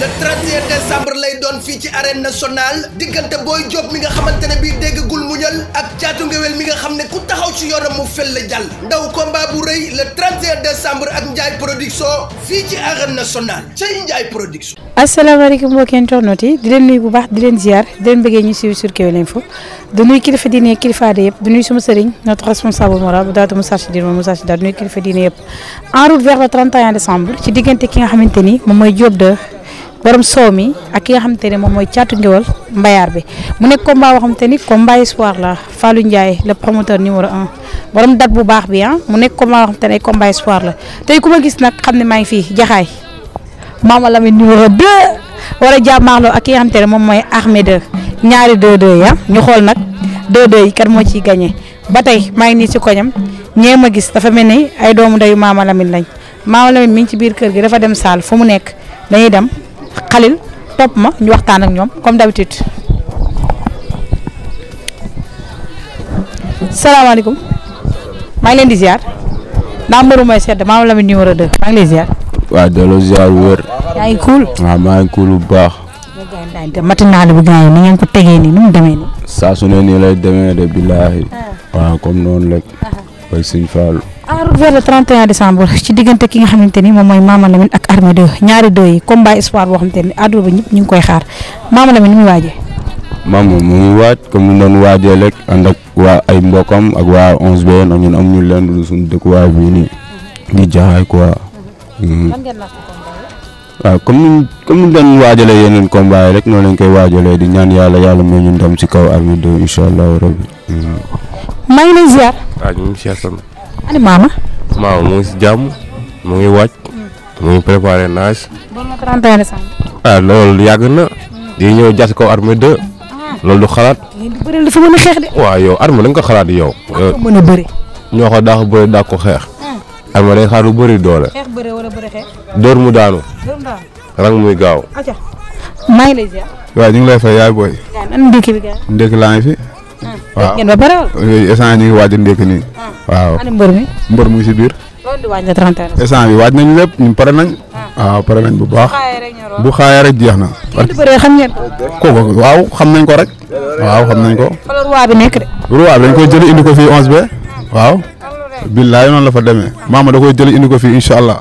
la 31 décembre lay doon fii ci arène nationale diggante Boy Diop mi nga xamante ne bii déggagul muñal ak caatu ngewel mi nga xam ne ku taxaw ci yoonam mu fel la jàll ndaw combat bu rëy le 31 décembre ak Ndiaye production fii ci arène nationale cay Ndiaye production. asalaamaaleykum mbokki internet yi di leen nuyu bu baax di leen ziar di leen bëggee ñu suivre sur Kewel Info di nuyu kilifa diine kilifa aada yëpp di nuyu sama sëriñ notre responsable bu daata Moussa Chidine moom Moussa Chidine di nuyu kilifa diine yëpp en route vers le ci diggante ki nga xamante ni moom mooy Diop borom soow mi ak ki nga xamante ne moom mooy caatu ngéwal mbayaar bi mu nekk combat boo xamante ni combat espoir la Fallou Ndiaye le promoteur numéro un borom date bu baax bi ah mu nekk combat boo xamante ne combat espoir la tey ku ma gis nag xam ne maa ngi fii jaxaay Mama Lamine numéro 2 war a jàmmaarloo ak ki nga xamante ne moom mooy Armée ñaari 2 ya ah. ñu xool nag 2 yi kat moo ciy gagné ba tey maa ngi nii si koñam ñee ma gis dafa mel ni ay doomu ndeyu Mama Lamine lañ Mama Lamine mi ci biir kër gi dafa dem saal fu mu nekk dañuy dem. xalil topp ma ñu waxtaan ak ñoom comme d'habitude. salaamaaleykum maa ngi leen di ziar ndax mbëru may sedd maa ngi leen numéro 2 maa ngi lay ziar. waaw delloo ziar wër. yaa ngi cool. waaw maa bu baax. matinale bu ni ngeen ko tegee nii nu mu demee nii. saa su ne nii lay demee de billaahi. Ah. waaw comme noonu rek. bay ah. Sëñ Fallu. vers le 31 décembre ci diggante ki nga xamante ni moom mooy Mama Lamine ak Armée 2 ñaari deux yi combat espoir boo xamante ni àdduna ba ñëpp ñu ngi koy xaar Mama Lamine ni muy waajee. maam moom mu ngi waaj comme ni doon waajee rek ànd waa ay mbokkam ak waa 11B am ñu leen lu suñu dëkkuwaay bii nii di jaay quoi. waaw mm. ah, comme ni comme ni ñu doon waajalee yeneen combat yi rek noonu lañ koy waajalee di ñaan yàlla yàlla mooy ñu ndam ci kaw Armée 2 incha allahu rabbi. Mm. maa ngi lay ziar. waaw ani maama. maama mu ngi si jàmm mu ngi wàcc. mu ngi préparé naaj. Ah, loolu yàgg na. di ñëw jàss ko armée 2. Ah. loolu du xalaat. dafa mën a xeex de. waaw yow armée da ko xalaat yow. mën a bëri. ñoo ko daax bëri daa ko xeex. Ah. armée day xaar lu bëri doole. xeex daanu. rang muy gaaw. maa ñu ngi lay fay yaay booy. ndékki laa fi. waaw ngeen ni pare waaj a ndékk ah. waaw mbër mi. mbër mu ngi si biir. loolu waaj bi waaj nañ lépp ñun pare nañ. Ah. waaw pare nañ bu baax. bu xaayee rek jeex na. kenn du waaw xam nañ ko rek. waaw xam nañ ko. wala roi bi nekk de. roi bi dañ jëli indi ko fii 11 ba. Ah. waaw. billaay noonu la fa demee. maama da koy jëli indi ko fii incha allah.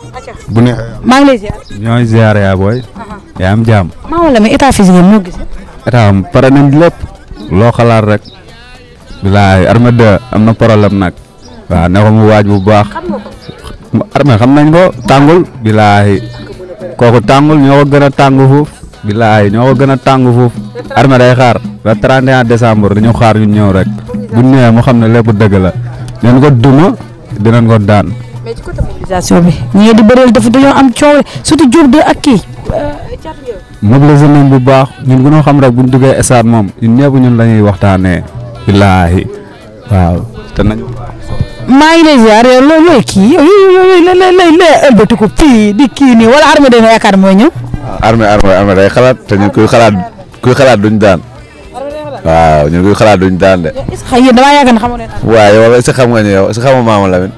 bu neexee maa ngi yaa booy. yaa am pare nañ lépp. loo xalaat rek. bilaay armée de am na problème nag waaw ne ko waaj bu baax armée xam nañ ko tàngul bilaay kooku tàngul ñoo ko gën a tàng foofu bilaay ñoo ko gën tàngu tàng foofu armée day xaar ba 31 décembre dañu xaar ñu ñëw rek bu ñëwee mu xam ne lépp dëgg la dinañ ko duma dinañ ko daan. mais bi de ak kii. Euh, mobilisé nañ bu baax ñun bu ñu xam rek bu ñu duggee stade moom ñun ñëpp waxtaanee. billaahi waaw nañ. maa ngi lay ziar yow loo looy kii yooyu la la la ëlbatiku fii di kii nii wala armée dañoo yaakaar mooy ñëw. waaw armée armée armée day xalaat te ñun kuy xalaat kuy xalaat duñ daan. waaw ñun kuy xalaat duñ daan de. est-ce que yéen xam nga ñu yow est-ce que xamu Maama Lamine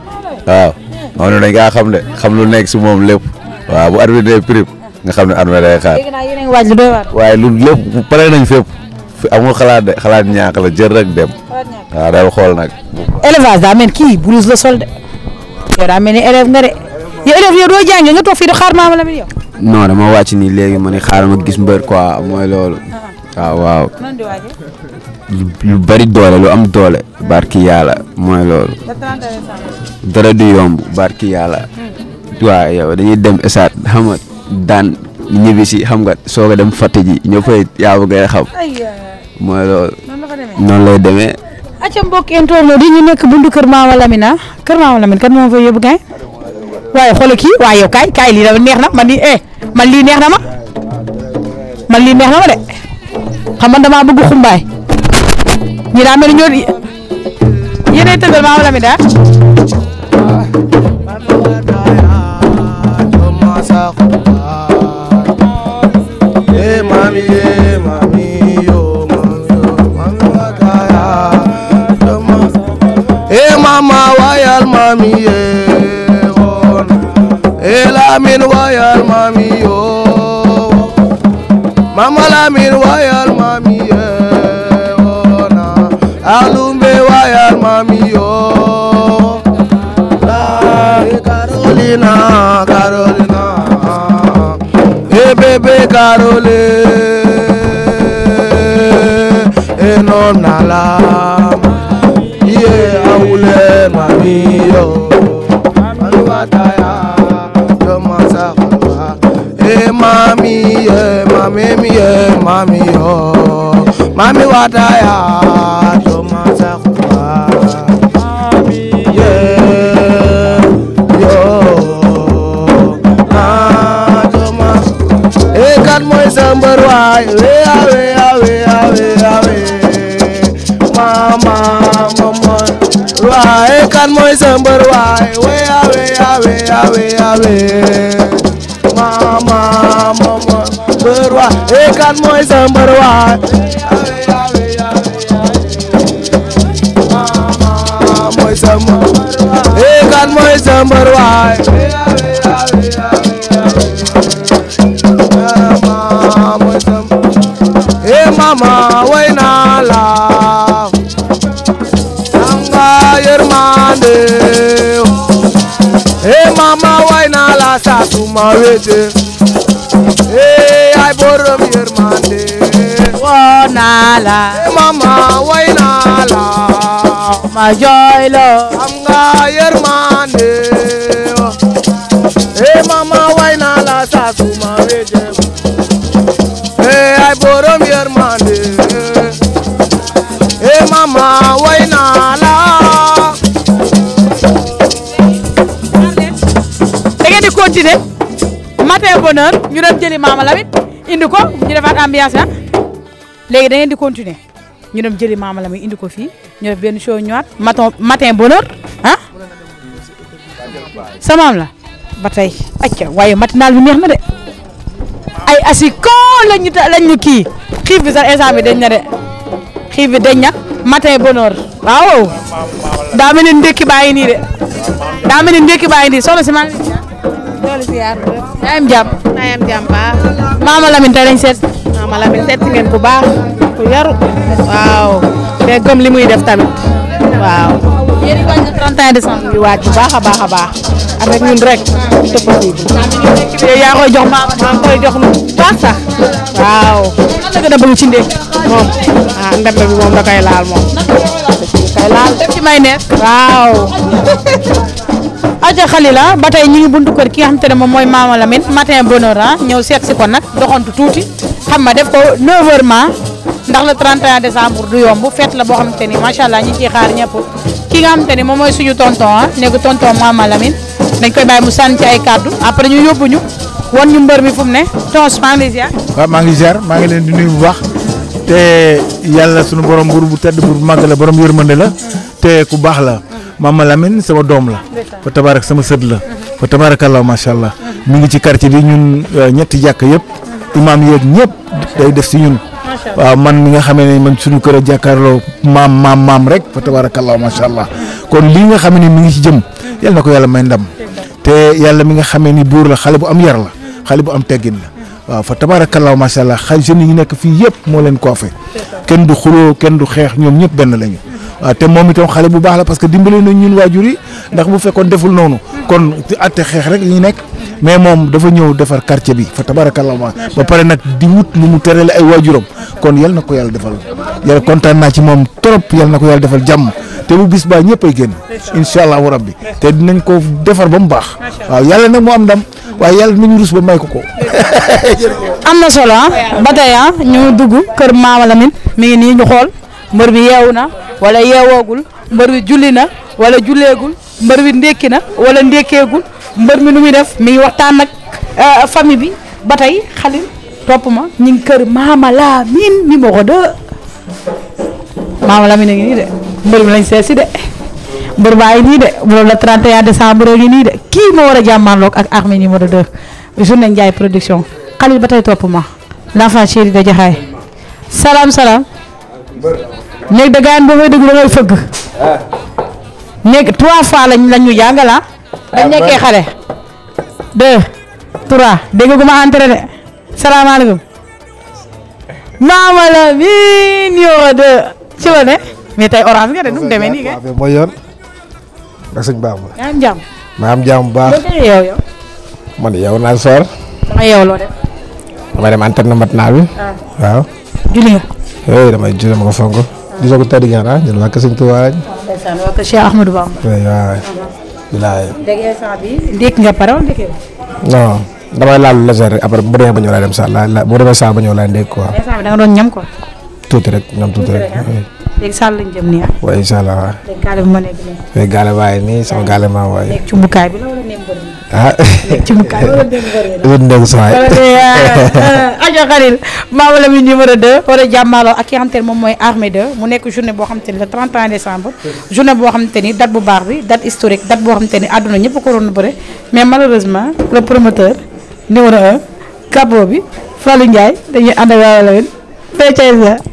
waaw. moom ne dañ kaa xam de xam lu nekk si moom lépp waaw bu armée day prime nga xam ne armée day xaar. a waaye lu lépp pare nañ fépp. amul xalaat de xalaat ñaax la jël rek dem. waaw daal xool nag. élevage daa mel kii blouse la sol de. daa mel ni élève nga de yow doo jàngee nga toog fii di xaar maama la yow. non dama wàcc nii léegi ma ne xaaral ma gis mbër quoi mooy loolu. Ah. waaw waaw. lu bari doole lu am doole. barki yàlla mooy loolu. dara du yomb barki yàlla. Hmm. waaw yow dañuy dem esaat xam nga daan ñibbi si xam nga soog a dem fàtte ji ñëpp yaa bëgg a xam. mooy loolu. noonu lay demee. acca mbokk internet yi ñu nekk buntu kër Maama Lamine ah kër Maama Lamine kan moom fa yóbbu kaay waaye xoole kii waaye yow kaay kaay lii neex na man lii eh neex na ma man lii neex na ma de xam man damaa bëgg xumbaay ñi daa mel ni ñoo yéenay tëggal Maama Lamine ah. waaw. mami yeewon oh, eh, e wayal mami yo mama Lamin wayal mami yeewona oh, alumbe wayal mami yo la Carolina Carolina eh, e bébé Carole e eh, non na la hiyo aluwata ya tomasa kwa e mami ye eh, mami mi ye eh, mami yo mami wata ya tomasa kwa mami ye eh, yo na ah, tomasa e kat moy sambar way we awe kan mooy sa mbër waay weya weya weya weya weya mama mama mbër waay e kan mooy sa mbër waay weya weya weya mama mooy sa mbër waay e kan mooy sa mbër waay sa su ma wéete ee ay borom yërmande woo naa la ee mama way naa la ma jooy lo am nga yërmande ee mama way naa la sa su ma wéete ee ay borom yërmande ee mama continuer matin bonheur ñu dem jëli maama Lamine indi ko ñu defaat ambiance ah léegi da ngeen di continuer ñu dem jëli maama Lamine indi ko fii ñu def benn show ñëwaat matin matin bonheur ah sa la ba tey acca waaye matinal bi neex na de ay asi koo lañ ñu kii xiif bi sax instant bi dañ na de xiif bi dañ na matin bonheur waaw daa mel ni ndékki baa ngi nii de daa mel ni ndékki baa ngi nii soxna si maa loolu ziar la. yaa am jàmm. yaa am jàmm baax. maama Lamine tey dañ seet. maama Lamine seet baax ku yaru. waaw te gëm li muy def tamit. waaw. yéen a ngi 31 décembre. di wàcc baax a baax a baax. avec ñun rek. tëppati. yaa koy jox maama baax sax. waaw. lan la gën a bëgg moom ah ndembe bi moom da koy laal moom. da koy laal def ci may neef. waaw. aja xalila ba tey ñu ngi buntu kër ki nga xam te ne moom mooy Mama Lamine matin bonheur ah ñëw seet si ko nag doxantu tuuti xam nga def ko 9h ma ndax le 31 décembre du yomb fête la boo xam te ni macha allah ñu ngi ciy xaar ñëpp ki nga xam te ni moom mooy suñu tonton ah nekk tonton Mama Lamine dañ koy bàyyi mu sànni ay kàddu après ñu yóbbu ñu wan ñu mbër mi fu mu ne tons maa ngi lay ziar. waaw maa ngi ziar maa ngi leen di nuyu bu baax te yàlla suñu borom buur bu tedd bu màgg la borom yërmande la te baax la Mama Lamine sama doom la fa tabarak sama sët la fa tabarakallah macha allah mu ngi ci quartier bi ñun euh, ñetti jàkk yëpp imaam yeeg ñëpp day def si ñun waaw man mi nga xamee ne man suñu kër jàkkaarloo maam maam maam rek fa tabarakallah macha allah kon lii nga xam ne mi ngi ci jëm yal na ko yàlla may ndam te yàlla mi nga xamee ni buur la xale bu am yar la xale bu am teggin la waaw fa tabarakallah macha allah xay jeunes yi nekk fii yëpp moo leen coiffé kenn du xuloo kenn du xeex ñoom ñëpp benn lañu waaw ah, te moom itam xale bu baax la parce que dimbali nañ ñun waajur yi ndax bu fekkoon deful noonu kon atte xeex rek ñu nekk mais moom dafa ñëw defar quartier bi fa tabarakallah ba pare nag di wut lu mu terale ay waajuram kon yal na ko yàlla defal kontaan naa ci moom trop yal na ko yàlla defal jàmm te bu bis baa ñëpp ay génn incha allahu bi te dinañ ko defar ba mu baax waaw yàlla nag mu am ndam waaye yàlla dinañ rus ba may ko ko. am na solo ah. ba tey ah, ñu dugg kër Maama Lamine ngi nii ñu xool. mbër bi yeewu na wala yeewoogul mbër bi julli na wala julleegul mbër bi ndékki na wala ndékkeegul mbër mi nu muy def mi waxtaan ak euh, famille bi ba tey xalil topp ma ñi kër Mama Lamine numéro 2 Mama Lamine ngi nii de mbër bi lañ seet si de mbër baa ngi nii de loolu la 31 décembre ngi nii de kii moo war a jàmmaarloog ak armée numéro 2 journée Ndiaye production xalil ba tey topp ma l'enfant chéri de Jaxaay salaam salaam néeg de gaañ boo fay dugg da fëgg. néeg trois fois lañ lañ ñu jàngal ah. ah xale. deux trois dégg nga ma entré de salaamaaleykum. maama la mii numéro deux ci la ne. mais tey orange nga de nu demee nii nga. mooy yoon. ak am jàmm. maa am jàmm baax. yow yow. man yow naa dem antenne mat naa bi. Ah. waaw. eh damay jure ma ko fonk. di soog a tëddi gaan ah ñun waa Kër Sëñ Tuubaa. ndeysaan waa Kër Cheikh Ahmadou Bamba. Uh-huh. nga pare wala ndékkee non damay laal léger bu demee ba ñëw laay dem saa la la bu demee saa ba ñëw laay ndékk quoi. instant bi da tuuti rek ñam tuuti rek. Ah. léegi Sall lañ jëm nii ah. waaye incha allah waaw. léegi gaale bi ma nekk nii. léegi gaale waaye nii sama gaale maa waaye. léegi cumbukaay bi la wala neem bëri na. ah léegi cumbukaay bi la wala neem bëri na. wala neem saa yi. ajo xaril Maama Lamine numéro 2 war a jàmmaarloo ak ki nga xam te ne moom mooy Armée 2 mu nekk journée boo xam te ne le 31 décembre. journée boo xam te ni date bu baax bi date historique date boo xam te ne àdduna ñëpp ko waroon a bëre mais malheureusement le promoteur numéro 1 capot bi Fallou Ndiaye dañuy ànd ak Maama Lamine.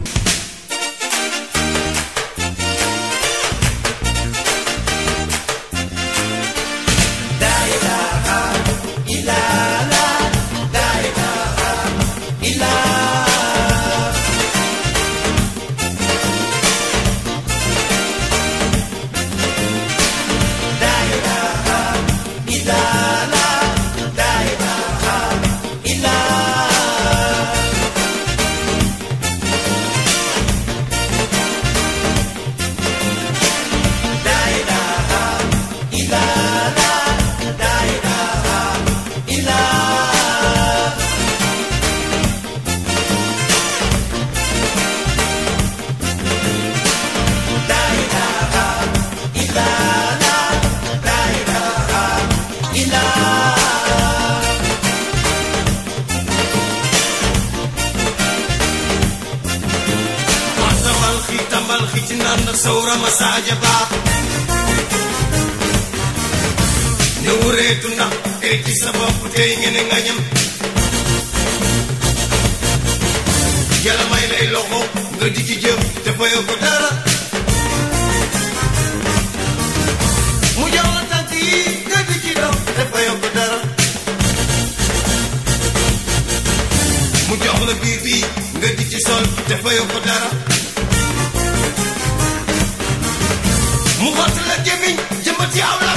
te fayoo ko dara mu xott la gémmiñ jëmbat yi aw la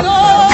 quiero.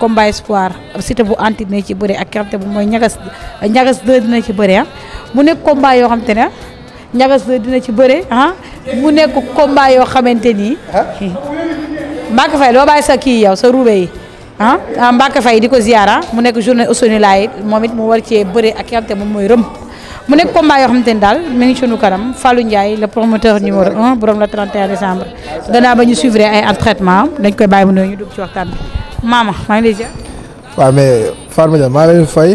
combat espoir Siteu bu anti dina ci bëre ak kerte bu mooy ñagas ñagas 2 dina ci bëre mu nekk combat yoo xam te ne ñagas 2 dina ci bëre ah mu nekk combat yoo xamante nii ah. ah. Mbacke Faye doo bàyyi sa kii yow sa ruube yi ah, ah Mbacke ko ziyaara mu nekk journée Ousseynou Laye moom it mu war cee bëre ak kerte moom mooy rëm mu nekk combat yoo xamante ni daal mi ngi sunu kanam Fallou Ndiaye le promoteur numéro 1 borom la 31 décembre gannaaw ba ñu suivre ay entraînement dañ koy bàyyi mu ne ñu dugg ci waxtaan maama maa ngi lay ziar. waaw mais Fatma Dia maa ngi lay fay.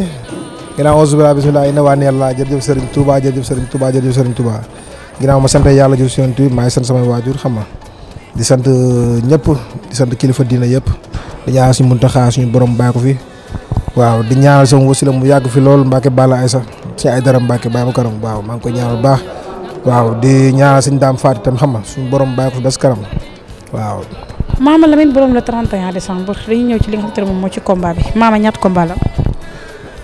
ginnaaw auzu bilaahi bismilaahi inna waa ni yàlla jërëjëf Serigne Touba jërëjëf Serigne Touba jërëjëf Serigne Touba ginnaaw ma sant yàlla jërëjëf Serigne Touba maa ngi sant samay waajur xam nga di sant euh, ñëpp di sant kilifa diina yëpp di ñaanal suñu Muntaxa suñu borom bàyyi ko fi waaw di ñaanal sama wasila mu yàgg fi lool Mbacke Balla Aïssa ci ay dara Mbacke bàyyi ma karam waaw maa ngi koy ñaanal baax waaw di ñaanal suñu daam faat itam xam nga suñu borom bàyyi ko fi bés karam waaw maama Lamine borom la 31 décembre dañuy ñëw ci li nga xamante ne moom moo ci combat bi maama ñaat combat la.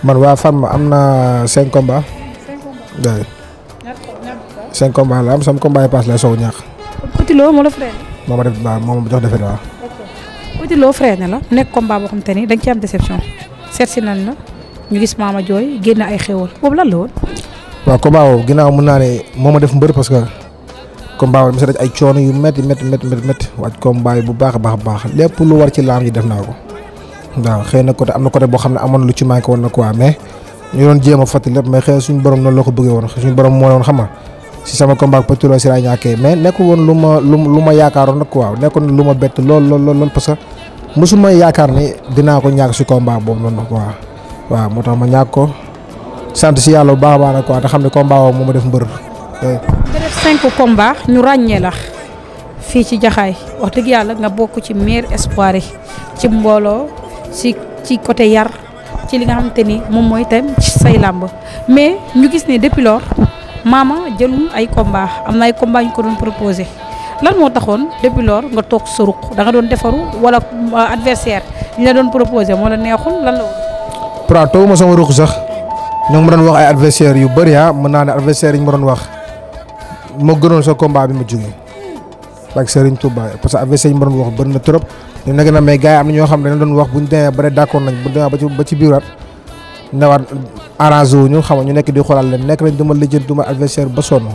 man waa Farma am na cinq combat. la am sama combat yi la sow ñaax. Petit Lo moo la freiné. moo ma def waaw moo ma jox defee waaw. ok Petit Lo freiné la nekk combat boo xam te ni dañ ci am déception seet si nañ la ñu gis maama jooy génn ay xéwal boobu lan la woon. waaw combat boobu ginnaaw mën naa ne moo ma def mbër parce que. combat bi mos a daj ay coono yu métti métti métti métti waaj combat yi bu baax a baax baax lépp lu war ci laam yi def naa ko waaw xëy na côté am na côté boo xam ne amoon lu ci manqué woon na quoi mais ñu doon jéem a fàttali lépp mais xëy na suñu borom noonu la ko bëggee woon suñu borom moo ne woon xam nga si sama combat ak Petit Lo si laa ñàkkee mais nekkul woon lu ma lu lu ma yaakaaroon nag quoi nekkoon lu ma bett lool lool lool parce que mosuma yaakaar ni dinaa ko ñàkk si combat boobu noonu quoi waaw moo tax ma ñàkk ko sant si yàlla bu baax a baax nag quoi te xam ne combat boobu moo ma def mbër nga def cinq combats ñu ràññee la fii ci jaxaay wax dëgg yàlla nga bokk ci meilleur espoir yi ci mbooloo ci ci côté yar ci li nga xamante ni moom mooy tam say làmb mais ñu gis ne depuis lors maama jëlul ay combats am na ay combats ñu ko doon proposé lan moo taxoon depuis lors nga toog sa ruq da nga doon defaru wala euh, adversaire ñu la doon proposé moo la neexul lan la woon. Pra toog ma sama ruq sax ñoo ngi ma doon wax ay adversaires yu bari ah mën naa ne adversaires yi ñu ma doon wax. moo gënoon sa combat bi ma jógee ak Serigne Touba parce que avec sëñ doon wax bëri na trop ñu nekk na mais gars yi am na ñoo xam ne dañ doon wax bu ñu demee ba ne d'accord nañ bu demee ba ci ba ci biiraat newaat arrangé wu ñu xam ñu nekk di xoolal leen nekk nañ duma lijjanti duma adversaire ba sonn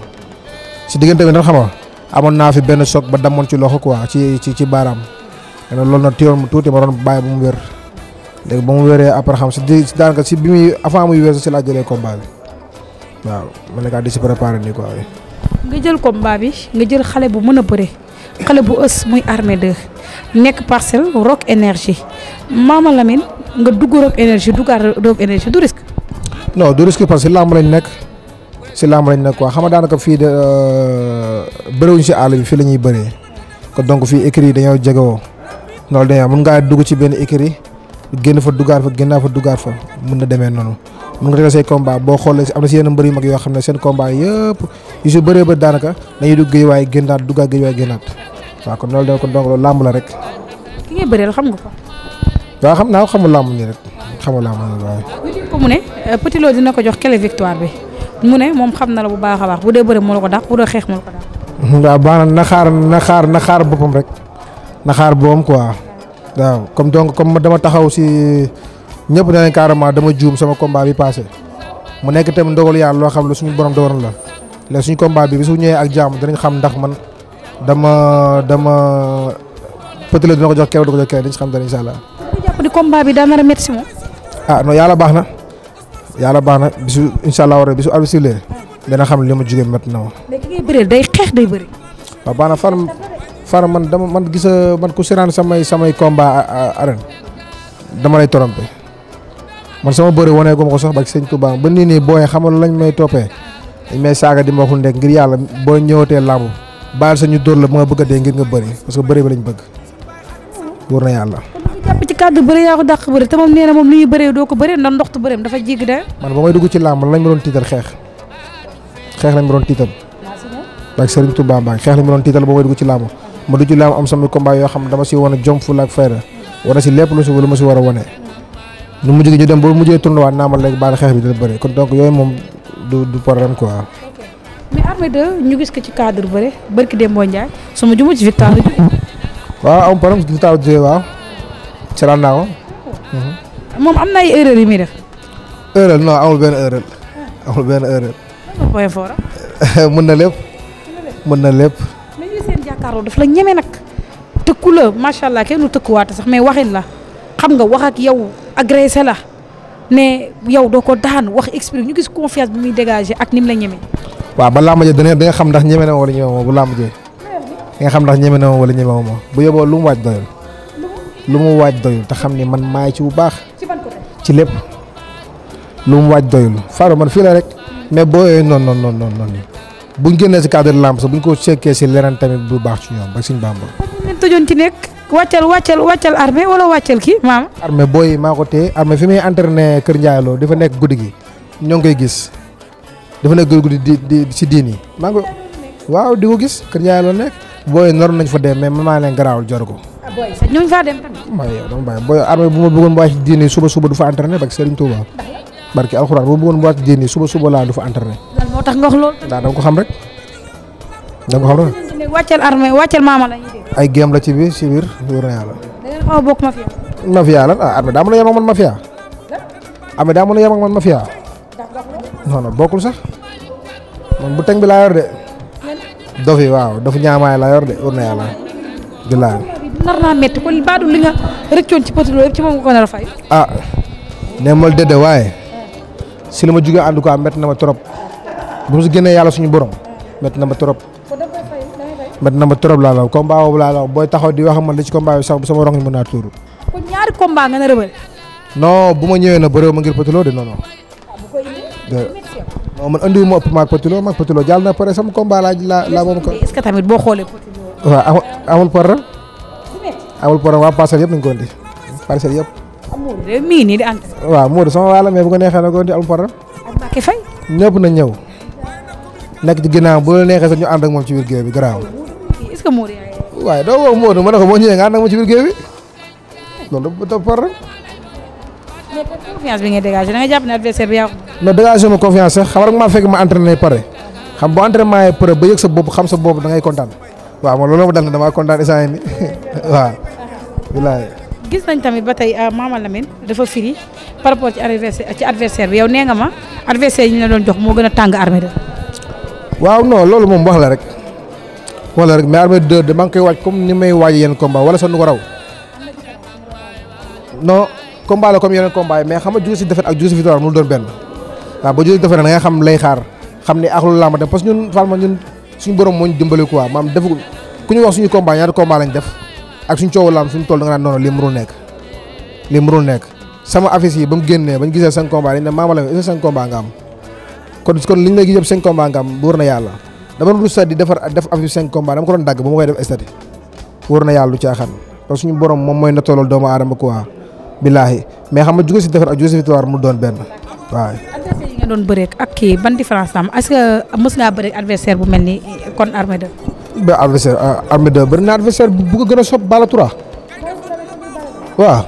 si diggante bi nag xam nga amoon naa fi benn choc ba damoon ci loxo quoi ci ci ci baaraam te na nag téyoon mu tuuti ma doon bàyyi ba mu wér léegi ba mu wéree après xam si di daanaka si bi muy avant muy wér si laa jëlee combat bi waaw ma nekk di si préparé nii quoi. nga jël combat bi nga jël xale bu mën a bëre xale bu ës muy Armé 2 nekk parcelle Rock Énergie Mama Lamine nga dugg Rock Énergie duggaat Rock Énergie du risque. no du risque parce que làmb lañ nekk si làmb lañ nekk quoi xam nga daanaka fii de euh, bëriwuñ si àll fii la ñuy bëree kon donc fii écurie yi dañoo jegewoo loolu dañoo mën ngaa dugg ci benn écurie yi génn fa duggaat fa fa duggaat fa mën demee noonu. mën nga tegal say combat boo xoolee am na si yenn mbër yu mag yoo xam ne seen combat yëpp yu si bëree ba daanaka dañuy dugg waaye génnaat duggaat géej waaye génnaat loolu da ko donc loolu rek. ki ngay bëreel xam nga xam naa xamul làmb nii mu ne euh, Lo dina ko jox kële bi mu ne moom xam na la bu baax bu dee bëri moo la ko dàq bu dee xeex moo na xaar xaar na xaar boppam rek na xaar boom quoi waaw comme donc comme dama taxaw si ñëpp ne leen dama juum sama combat bi passé mu nekk tamit ndogalu yàlla loo xam ne suñu borom dogal la léegi suñu combat bi bi su ñëwee ak jàmm dinañ xam ndax man dama dama peut-être ko jox ko dañ xam dara incha allah. bu jàpp ni combat a ah, yàlla baax na yàlla baax na bisu incha allah war a xam li ma jugee métti na ma. day xeex day bëri. waaw baax na far far man dama man gis man ku siraan samay samay combat arène dama lay trompé. man sama bëri wanee guma ko sax bak sëñ Touba ba nii nii booyee xamal lañ may toppee dañ may saaga di ma waxul ndek ngir yàlla boo ñëwatee làmb baal sañu dóor la bu nga bëgg a dee ngir nga bëri parce que bëri bi lañ bëgg wóor na yàlla jàpp ci kàddu bëri yaa ko dàq bëri te moom nee na moom li ñu bëree doo ko bëri ndax ndoxtu bëreem dafa jéggi de man ba may dugg ci làmb lañ ma doon tiital xeex xeex lañ ma doon tiital bak sëriñ Touba Mbacké xeex lañ ma doon tiital ba may dugg ci làmb ma dugg ci làmb am sama combat yoo xam dama si wan a jom fu laak fayda wana si lépp lu si lu ma si war a wane ñu mujj gi ñu dem ba mujjee tournoi waat naa ma léegi baal xeex bi dina bëri kon donc yooyu moom du du problème quoi. mais Armé 2 ñu gis ko ci cadre bëre barki Dembo Ndiaye su ma jublu ci victoire la jógee. waaw am problème victoire jógee waaw. ko. Mhm. moom am na ay erreur yu muy def. erreur non amul benn erreur. amul benn erreur. point ah? mën na lépp. mën na lépp. mais ñuy seen jàkkaarloo daf la ñeme nag. tëkku la macha allah kenn du tëkkuwaate sax mais waxit la xam nga wax yow. agressé la ne yow doo ko daan wax explique ñu gis confiance bi muy dégager ak nim la ñeme. waaw ba làmb jee dana da xam ndax ñeme na wala ñeme ma bu làmb jee nga xam ndax ñeme na wala ñeme ma bu yóbboo lu mu waaj doyul. lu mu waaj doyul te xam ni man maay ci bu baax. ci ban côté ci lépp lu mu waaj doyul Faro man fii la rek mais boo yooyu noonu noon noonu noonu buñ génnee si cadre làmb sax buñ ko sekkee si leneen tamit du baax ci ñoom ba suñ bàmba. ngeen tëjoon wàccal wàccal wàccal armée wala wàccal kii maam. armée booy maa ko téye armée fi muy entraîné Kër Ndiaye Lo dafa nekk guddi gi ñoo ngi koy gis dafa nekk guddi di di si diin yi maa ngi waaw di ko gis Kër Ndiaye Lo nekk booy nor nañ fa dem mais man maa leen garaawul jor ko. ah booy sax ñooñu faa dem tamit. waaw yow booy armée bu ma bëggoon wàcc diin yi suba suba du fa entraîné parce que Serigne Touba barki alxuraan bu ma bëggoon wàcc diin yi suba suba laa du fa entraîné. lan moo tax nga daa dama ko xam rek da nga ko wàcceel armée wàcceel maama ay géem la ci biir ci biir wóor na yàlla. da ah, daa mën a yem ak man mafia. armée daa mën a yem man mafia. non non bokkul sax man bu teg bi laa de. dof waaw dof ñaamaay laa de wóor na di nar naa métti kon baadu li nga rëccoon ci poteau yëpp ci moom nga ko nar a fay. ah nee ma dédde waaye eh. si li ma jugee ànd ko na ma trop bu mu si génnee yàlla suñu borom métti na ma trop. mét na ma trop laa la wax combat boobu laa booy taxaw di wax ma li ci combat bi sax bu sama rongoñ mën naa tuuru. kon bu ma ñëwee na bëree ma ngir Patuloo de non non. ma ëpp maag Patuloo maag Patuloo jàll na pare la la moom. tamit boo xoolee Patuloo. waaw amul amul problème. amul problème ko indi parcelle yëpp. de mii nii di bu ko neexee na ko indi amul problème. ak na ñëw. nekk ci ginnaaw bu la neexee sax ñu ànd ak moom ci biir géew bi garaaw. que waaye doo woo Modou ma ne ko boo ñëwee nga ànd ak ma ci biir géew bi loolu dafa par rek. confiance bi ngay dégagé da jàpp ne adversaire bi yaa ko. non dégagé ma confiance sax xam rek maa ma entraîné xam bu entraînement sa bopp xam sa bopp da ngay kontaan waaw man loolu ma dal na damaa kontaan instant ni gis nañ tamit ba tey euh, Mama Lamine dafa firi par rapport ci adversaire ci adversaire bi yow nee nga ma adversaire yi ñu la doon jox moo gën a tàng armée de. loolu moom wax la rek. wala rek mais Armée 2 de maa ngi koy waaj comme ni may waaj yenn combat wala sax nu ko raw non combat la comme yeneen mais xam nga juge si defet ak juge si victoire mu doon benn waaw ba juge si defet nag nga xam lay xaar xam ni axlu làmb ba parce que ñun Fatma ñun suñu borom moo ñu dimbali quoi def ku ñu wax suñu combat ñaata combat lañ def ak suñu coowu làmb suñu tool da nga naan noonu lii mënul nekk lii mënul nekk sama affiche yi ba mu génnee ba ñu gisee cinq combat dañ ne maama la est-ce kon kon liñ lay gis yëpp cinq am bu wër na yàlla dama doon rusa di defar def affaire cinq combat dama ko doon dagg ba ma koy def statut wóor na yàlla caaxaan parce que suñu borom moom mooy na tollool doomu aadama quoi mais xam nga jóge si defar ak jóge si victoire mu doon benn waa adversaire doon bëree ak kii ban différence am est-ce que bu mel ni kon Armée 2. ba adversaire ah, Armée adversaire bu ko gën a sopp Balla 3 waaw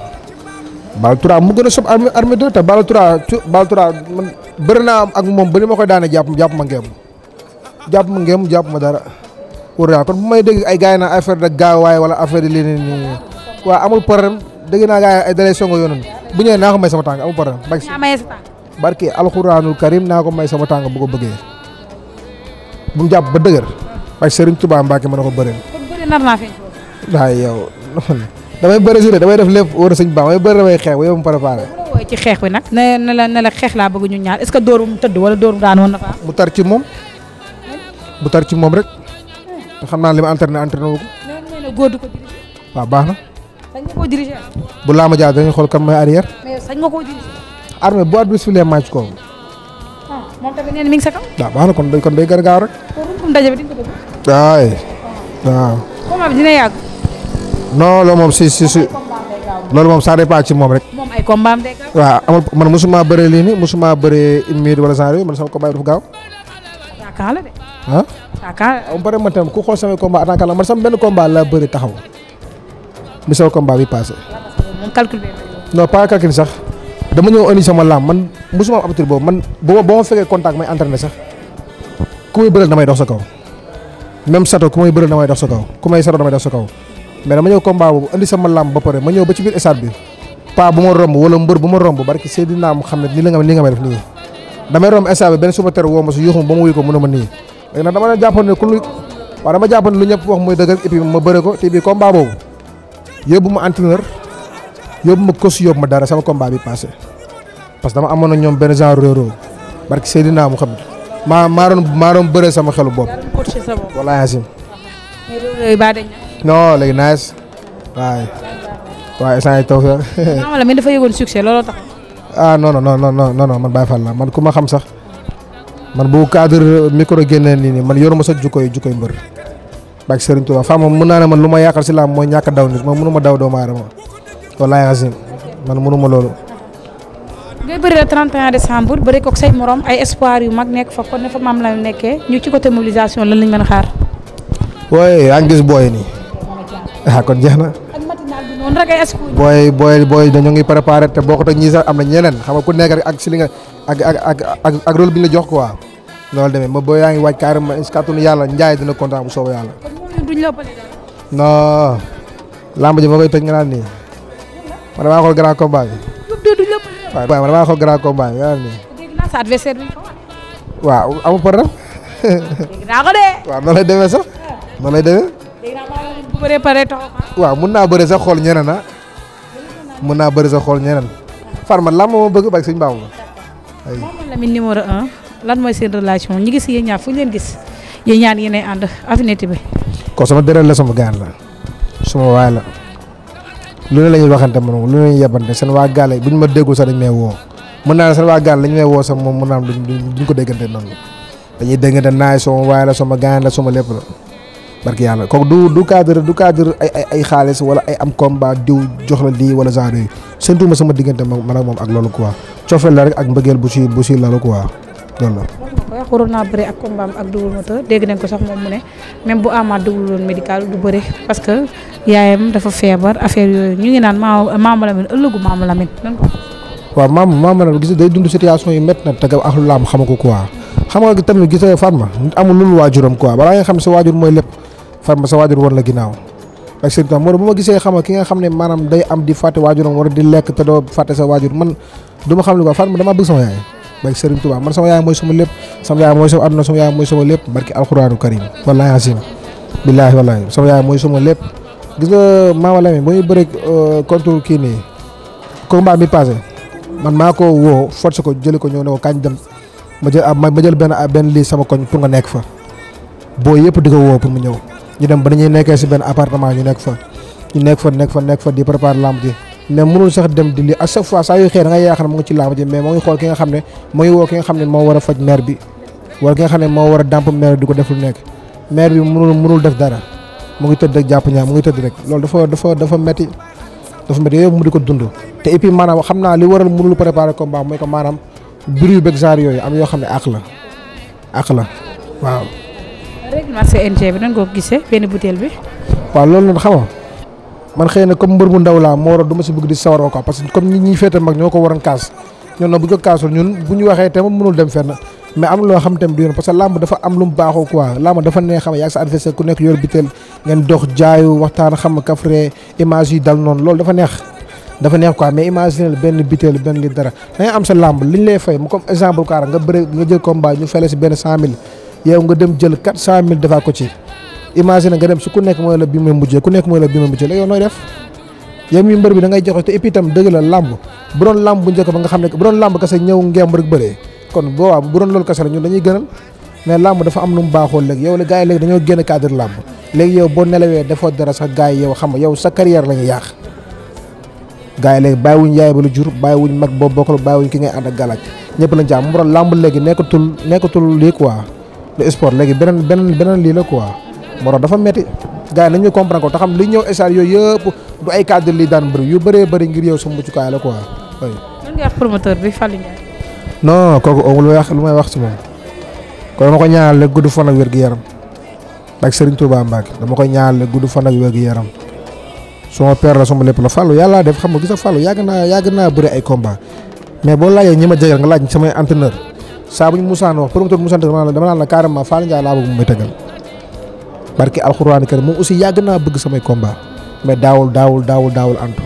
Balla 3 mu gën a sopp Armée 2 te Balla 3 Balla 3 naa am ak moom ba li ma koy daane jàpp jàpp ma ngeem. jàpp ma ngeen mu jàpp ma dara. wóor naa kon bu may dégg ay gars yi naan affaire de gaawaay wala affaire yi nii nii waaw amul problème dégg naa gars yi ay sama tàng amul problème. barke alxuraanul karim naa ko may sama tàng bu ko bëggee. bu jàpp ba dëggër parce que Serigne Touba Mbacke na ko bëreel. kon nar naa feeñ. waaye yow damay bëri si damay def lépp wóor sëñ Ba damay bëri damay xeex ci xeex bi nag. ne la ne la xeex laa bëgg ñu ñaar est-ce que dóor mu tëdd wala dóor mu daan woon na fa. mu tar ci moom bu tar ci moom rek eh. xam naa li ma entraîné entraîné baax na. bu laa ma jaar dañuy xool kan mooy arrière. mais sañ nga koo su lee match ko. Ah, moom baax na kon day kon day gën a gaaw rek. kon daje bi ah. di moom si si si loolu moom ça dépend ci moom rek. moom ay combat am day gaaw. waaw amul man mosuma bëree lii nii mosuma bëree une minute wala genre yooyu man sama combat dafa gaaw. Taka la de. ah Taka la waaw pare man tam ku xool samay combat attaquant la man sama benn combat laa bëri taxaw. bi sama combat bi passé. moom calcul bi pas calcul sax dama ñëw indi sama laam man mosuma am habitude boobu man bu ma boo ma fekkee contact may entraîné sax ku may bëral damay dox sa kaw. même sato ku may bëral damay dox sa kaw ku may sato damay dox sa kaw mais dama ñëw combat boobu indi sama laam ba pare ma ñëw ba ci biir stade bi. paa bu ma romb wala mbër bu ma romb barki damay romb instant bi benn supporter woo ma su yuuxu ba ma wuyu ko mu ne ma nii léegi nag jàppoon lu waaw dama jàppoon ne lu ñëpp wax muy dëgg ak ma bëre ko ma entraîneur yóbbu ma bi passé parce que amoon ak ñoom benn genre réeróo barki Seydina Muhammad maa maa sama xelu bopp. wala yaasim. non waaye waaye instant yii ah non non non non non man Baye Fall la man ku ma xam sax man bu cadre micro génnee nii nii man ma sax jukkoy jukkoy mbër. bàyyi Serigne Touba faa moom mën naa ne man lu ma yàqal si làmb mooy ñàkk daw nit man mënuma daw doomu aadama wallaahi azim man mënuma loolu. ngay bëri le de décembre bari ko say moroom ay espoir yu mag nekk fa kon ne fa maam la nekkee ñu ci côté mobilisation lan lañ mën a xaar. waaye yaa ngi gis booy nii. Ah, kon jeex na. noonu rek ay excuses. booy booy booy dañu ngi préparé te bokkut ak ñi sax am na ñeneen xam nga ku nekk rek ak si li nga ak ak ak ak rôle bi ñu la jox quoi loolu demee ma booy yaa ngi waaj carrément est-ce que kàttanu yàlla njaay dina kontaan bu soobee yàlla. kon duñ la ëppale dara. non làmb ji ma koy tëj nga naan nii man damaa xool grand combat bi. duñ la ëppale dara. waaw man damaa xool grand combat bi nga naan nii. dégg naa sa adversaire bi. waaw amul problème. dégg naa ko de. waaw noonu lay demee sax noonu lay demee. bu bëree pare waaw mun naa bëri sa xool ñeneen na ah. mun naa bëri sa xool ñeneen. Farma lan moo bëgg bàyyi suñu baamu. aywa moom Lamine numéro un lan mooy seen ñu gis yéen ñaar fu ñu gis yéen ñaar yéenay ànd affinité bi. sama deret la sama gaan la suma waay la la ñuy waxante moom lu ne la ñuy yebante seen waa gaale bu ñu ma déggul sax dañu may woo mën naa ne seen waa gaale lañu may woo sax moom mën naa duñ ko déggante noonu dañuy déggante naay sama waay la sama gaan la sama lépp la. barki yàlla kooku du du cadre du cadre ay ay ay xaalis am combat diw jox la lii wala genre yooyu séntu ma sama diggante man ak moom ak loolu quoi coofeel la rek ak mbëggeel bu si bu si lalu quoi loolu la. sax moom même bu amaat double woon médical du bëri parce que yaayam dafa feebar affaire yooyu ñu ngi naan maama maama Lamine ëllëgu maama Lamine. waaw maama maama Lamine gis day dund situation yi métti na te ak lu la am xama ko quoi xam nga tamit gis nga amul lu waajuram quoi balaa nga xam si waajur mooy lépp. far ma sa waajur woon la ginnaaw ak sëriñ Tuubaa moo bu ma gisee xama ki nga xam ne maanaam day am di fàtte waajuram wala di lekk te doo fàtte sa waajur man du ma xam ne quoi far ma dama bëgg sama yaay barke sëriñ Tuubaa man sama yaay mooy sama lépp sama yaay mooy sama àdduna sama yaay mooy sama lépp barke alxuraanu karim wallaahi asim billaahi wallaahi sama yaay mooy sama lépp gis nga Mama Lamine ba ñu bëre euh, contre kii nii combat bi passé man maa ko woo forcé ko jëli ko ñëw ne ko kañ dem ma jël ma jël benn benn lii sama koñ pour nga nekk fa boo yëpp di ko woo pour mu ñëw ñu dem ba dañuy nekkee si benn appartement ñu nekk fa ñu nekk fa nekk fa nekk fa di préparer lamb ji mais mënul sax dem di li à chaque fois saa yu xëy nga yaakaar xam ne moo ngi a faj maire ne moo war a dàmp maire ko def lu nekk maire bi mënul mënul def dara mu ngi tëdd rek jàpp ñaar mu ngi tëdd rek loolu dafa dafa dafa metti dafa metti yooyu ko dund te et puis maanaam xam naa li waral mënul préparer combat mooy ko maanaam bruit beeg genre yooyu am yoo xam ne àq la àq la waaw événement CNG bi nan nga ko gisee benn butéel bi. waaw loolu nag xam man xëy na comme mbër bu ndaw laa moo waroon du ma si bëgg di sawaroo quoi parce que comme ñi ñuy féete mag ñoo ko dem fenn mais am loo xam tam du yoon parce que dafa am mu baaxoo quoi làmb dafa nee xam waxtaan xam kafre image yi dal noonu loolu dafa neex. dafa neex quoi mais imaginer benn butéel benn li dara da ngay am sa làmb li ñu lay fay comme exemple quoi nga bëre ñu fële si benn 100000. yow nga dem jël quatre cent mille defaa ko ci imagine nga dem su ku nekk mooy la bi may mujjee ku nekk mooy la bi may mujjee la yow nooy def yow mi mbër bi da ngay joxe te et puis itam dëgg la làmb bu doon làmb bu njëkk ba nga xam ne bu doon làmb kese ñëw ngeem rek bëree kon boobaa bu doon loolu kese la ñun dañuy gënal mais làmb dafa am lu mu baaxoo léegi yow la gars yi léegi dañoo génn cadre làmb léegi yow boo nelawee defoo dara sax gars yi yow xam nga yow sa carrière la ñuy yàq gars yi léegi bàyyiwuñ yaay ba lu jur bàyyiwuñ mag boobu boo bokkal bàyyiwuñ ki ngay ànd ak galaaj ñëpp lañ jàmm mu doon làmb léegi nekkatul nekkatul lii quoi le sport léegi beneen beneen beneen lii la quoi moo tax dafa metti gars yi nañu comprendre ko te xam li ñëw état yooyu yëpp du ay cadre li daan bëri yu bëree bëri ngir yow sa muccukaay la bi Fallou Ndiaye. non kooku amul lu may wax lu ko ñaanal rek gudd fan ak wér gu yaram ak Serigne Touba Mbacke dama ko ñaanal gudd fan ak wér gu yaram suma père la suma lépp la Fallou yàlla def xam nga gis a Fallou yàgg naa yàgg naa bëri ay combat mais boo laajee ñi ma jegal nga laaj samay entraîneur saa bu ñu musaan wax promoteur musaan dama naan dama naan la carrément Fall Ndiaye laa bëgg mu may tëggal barki alxuraan kër moom aussi yàgg naa bëgg samay combat mais daawul daawul daawul daawul antu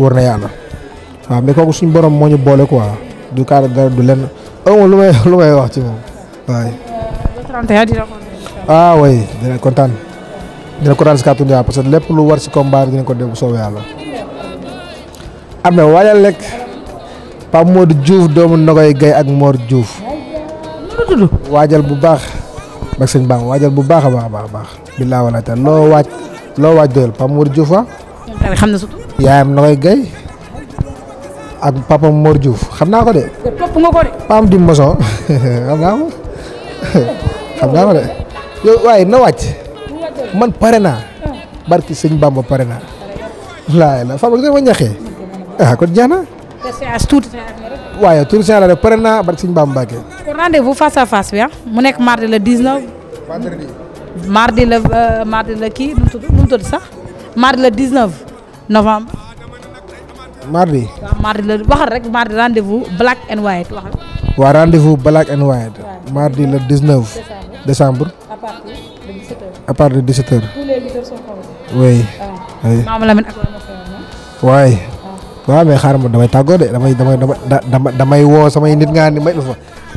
wër na yàlla kooku suñu borom moo ñu boole quoi du kaar dara du lenn amul lu may wax ci moom waaye. ah oui dina kontaan dina kontaan si kàttu Ndiaye parce que lépp lu war si combat dina ko def bu soobee yàlla. am na waajal rek Pape Modou Diouf doomu Nogoy Gaye ak Mor Diouf. waajal bu baax. bak sëñ Bamba waajal bu baax a baax a baax a baax. billaa wala te loo waaj loo waaj doyal Pape Mor Diouf ah. xam na su tudd. yaayam Nogoy Guèye ak papa Mor Diouf xam naa ko de. topp nga ko de. di Moson xam naa ko de waaye na wàcc man pare naa barki sëñ Bamba pare naa. laay la Fapal nga ma ñaxee ah, kon jaana. waaye tour Saint ba def pare naa barke Sëñ Bamba Mbàkke. pour rendez-vous bi ah mu nekk mardi le 19. vendredi. mardi le euh, mardi le kii nu mu sax mardi le 19 novembre. mardi. Ah, mardi la waxal rek mardi rendez black and white waxal. waaw black and white. mardi le 19. décembre. à partir de 17h. à waaw mais xaaral ma damay tàggoo de damay damay damay damay woo samay nit nga may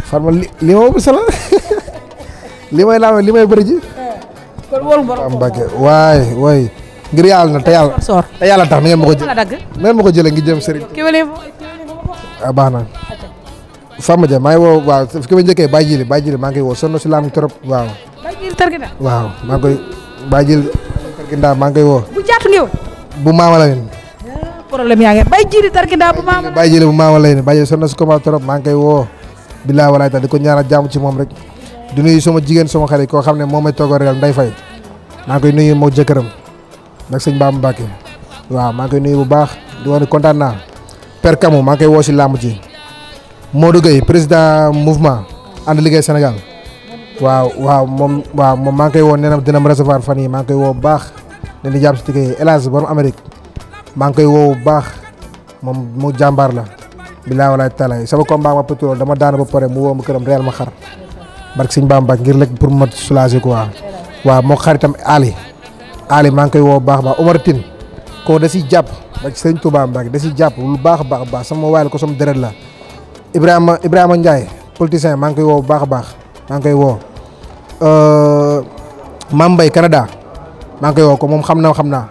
far ma li li ma woo sala li may laa li may bëri ji. kon wóorul borom Mbacke ngir yàlla na te yàlla. te yàlla tax na ngeen ma ko jëlee. na ngeen ma ko jëlee ngi jëm Serigne. ah baax ngi woo waaw ki njëkkee Baye Jili Baye maa ngi koy woo sonn si laam trop waaw. Baye Jili maa ngi koy maa ngi koy woo. bu jaatu problème yaa ngi bay jiri tarki daa bu maama bay jiri bu maama ne bay jiri sonn na si comment trop maa ngi koy woo billaa walaay tax di ko ñaanal jàmm ci moom rek di nuyu sama jigéen ma xarit koo xam ne moo may toog a réel fay maa ngi koy nuyu moo jëkkëram nag sëñ Bamba Mbacke waaw maa ngi bu baax di wax kontaan naa per Kamu maa ngi woo si làmb ji moo Gueye président mouvement ànd liggéey Sénégal waaw waaw moom waaw moom maa ngi koy woo nee dina ma recevoir fan yi maa ngi woo bu baax ne di jàpp si liggéey El Hadj borom Amérique maa ngi koy woo bu baax moom mu jàmbaar la bilaay walaay talaay sama combat ma pétrole dama daana ba pare mu woo ma këram réel ma xar barke sëñ Bamba ngir lekk pour ma soulager quoi waaw moo xaritam Ali Ali maa ngi koy woo baax baax Omar koo da siy jàpp barke sëñ Touba Mbacke da siy jàpp lu baax a baax baax sama waay ko sama deret la Ibrahima Ibrahima Ndiaye politicien maa ngi koy woo bu baax a baax maa ngi koy woo euh, Mame Mbaye Canada maa woo ko moom xam na xam naa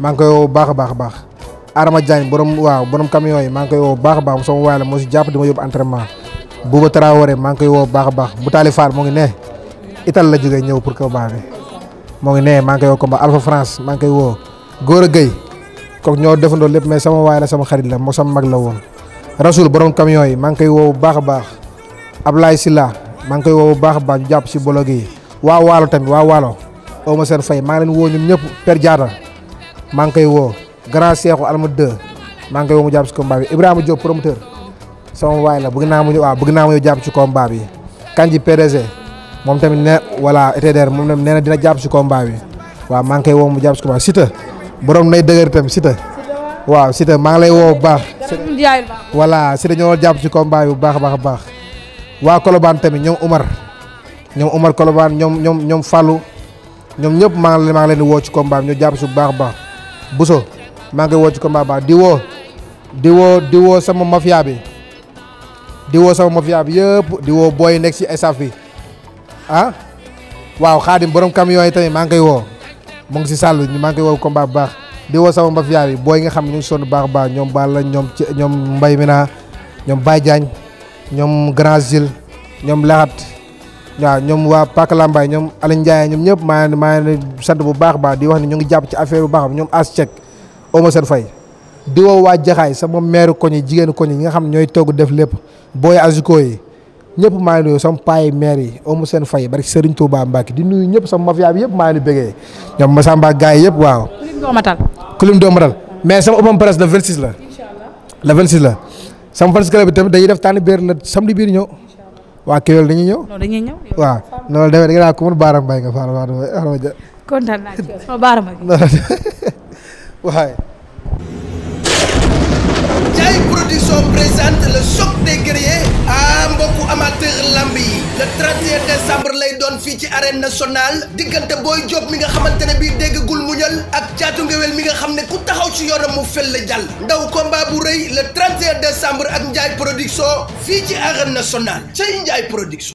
maa ngi koy woo baax a baax a baax Adama Diagne borom waaw borom camion yi maa ngi koy woo baax a baax sama waay moo si jàpp di ma yóbbu entraînement maa ngi koy woo baax baax bu taali Fall moo ngi ne Italie la jógee ñëw pour combat bi moo ngi ne maa ngi koy woo combat Alpha maa ngi koy woo Gora Gueye kooku ñoo defandoo lépp mais sama waay sama xarit la moo sama mag la woon Rasoul borom camion yi maa ngi koy woo baax a baax Ablaye Silla maa ngi koy woo baax a baax jàpp si blog yi waa waalo tamit waa waalo aw ma seen fay maa ngi leen woo ñun ñëpp per jaata maa ngi woo grand Cheikhou Alma 2 maa ngi koy woo mu jàpp ci combat bi Ibrahima Diop promoteur sama waay la bëgg naa mu waaw bëgg naa mu jàpp ci combat bi Kanji moom tamit ne voilà ETDR moom tamit nee na dina jàpp ci combat bi waaw maa koy woo mu jàpp ci combat Siteu borom nay dëgër itam waaw Siteu maa lay woo bu baax voilà Siteu jàpp ci combat bi bu baax a baax a baax waa Colobane tamit ñoom Umar ñoom Umar Colobane ñoom ñoom ñoom Fallou ñoom ñëpp maa ngi maa ngi leen woo ci combat bi ñu jàpp ci bu baax a baax buso maa ngi woo ci combat ba di woo di woo di woo sama mafia bi di woo sama mafia yëpp di woo booy nekk ci staff bi ah waaw xaadim borom camion yooyu tamit maa ngi koy woo mu ngi si sàll maa ngi koy woo combat bu baax di woo sama mafia bi booy nga xam ne ñu ngi sonn baax baax ñoom Balla ñoom mbay Mbaye Mina ñoom Baye ñoom Grand Gilles ñoom Lahat waaw ñoom waa Paka Lambaay ñoom Aliou Ndiaye ñoom ñëpp maa ngi bu baax baax di wax ne ñu ngi jàpp ci affaire bu baax ñoom di woo waa Jaxaay sama maire koñ yi jigéenu koñ yi nga xam ne ñooy togg def lépp booy azuko yi ñëpp maa ngi nuyu sama paay maire yi Ouma Sène Faye barki Serigne Touba Mbacke di ñëpp sama mafia yëpp maa ngi bëggee ñoom Massamba gars yi yëpp waaw. Kulim Doomatal. Kulim mais sama open presse le 26 la. incha allah le 26 la sama presse club bi tamit dañuy def tànn biir la samedi biir ñëw waa Kewel dañuy ñëw. non dañuy ñëw yow waaw noonu demee da nga naan ku mën Baara Mbaye nga Fane Fane Fane Fane. kontaan naa ci yow sama Baara Mbaye. waaye. Ndiaye production présente le choc des guerriers. salaam mbokku amateur lamb yi le 31 lay doon fii ci arène nationale diggante booy Diop mi nga xamante ne bii déggagul muñal ak jaatu ngewel mi nga xam ne ku taxaw ci yoonam mu fel la jàll ndaw combat bu rëy le 31 décembre ak Ndiaye production fii ci arène nationale cay Ndiaye production.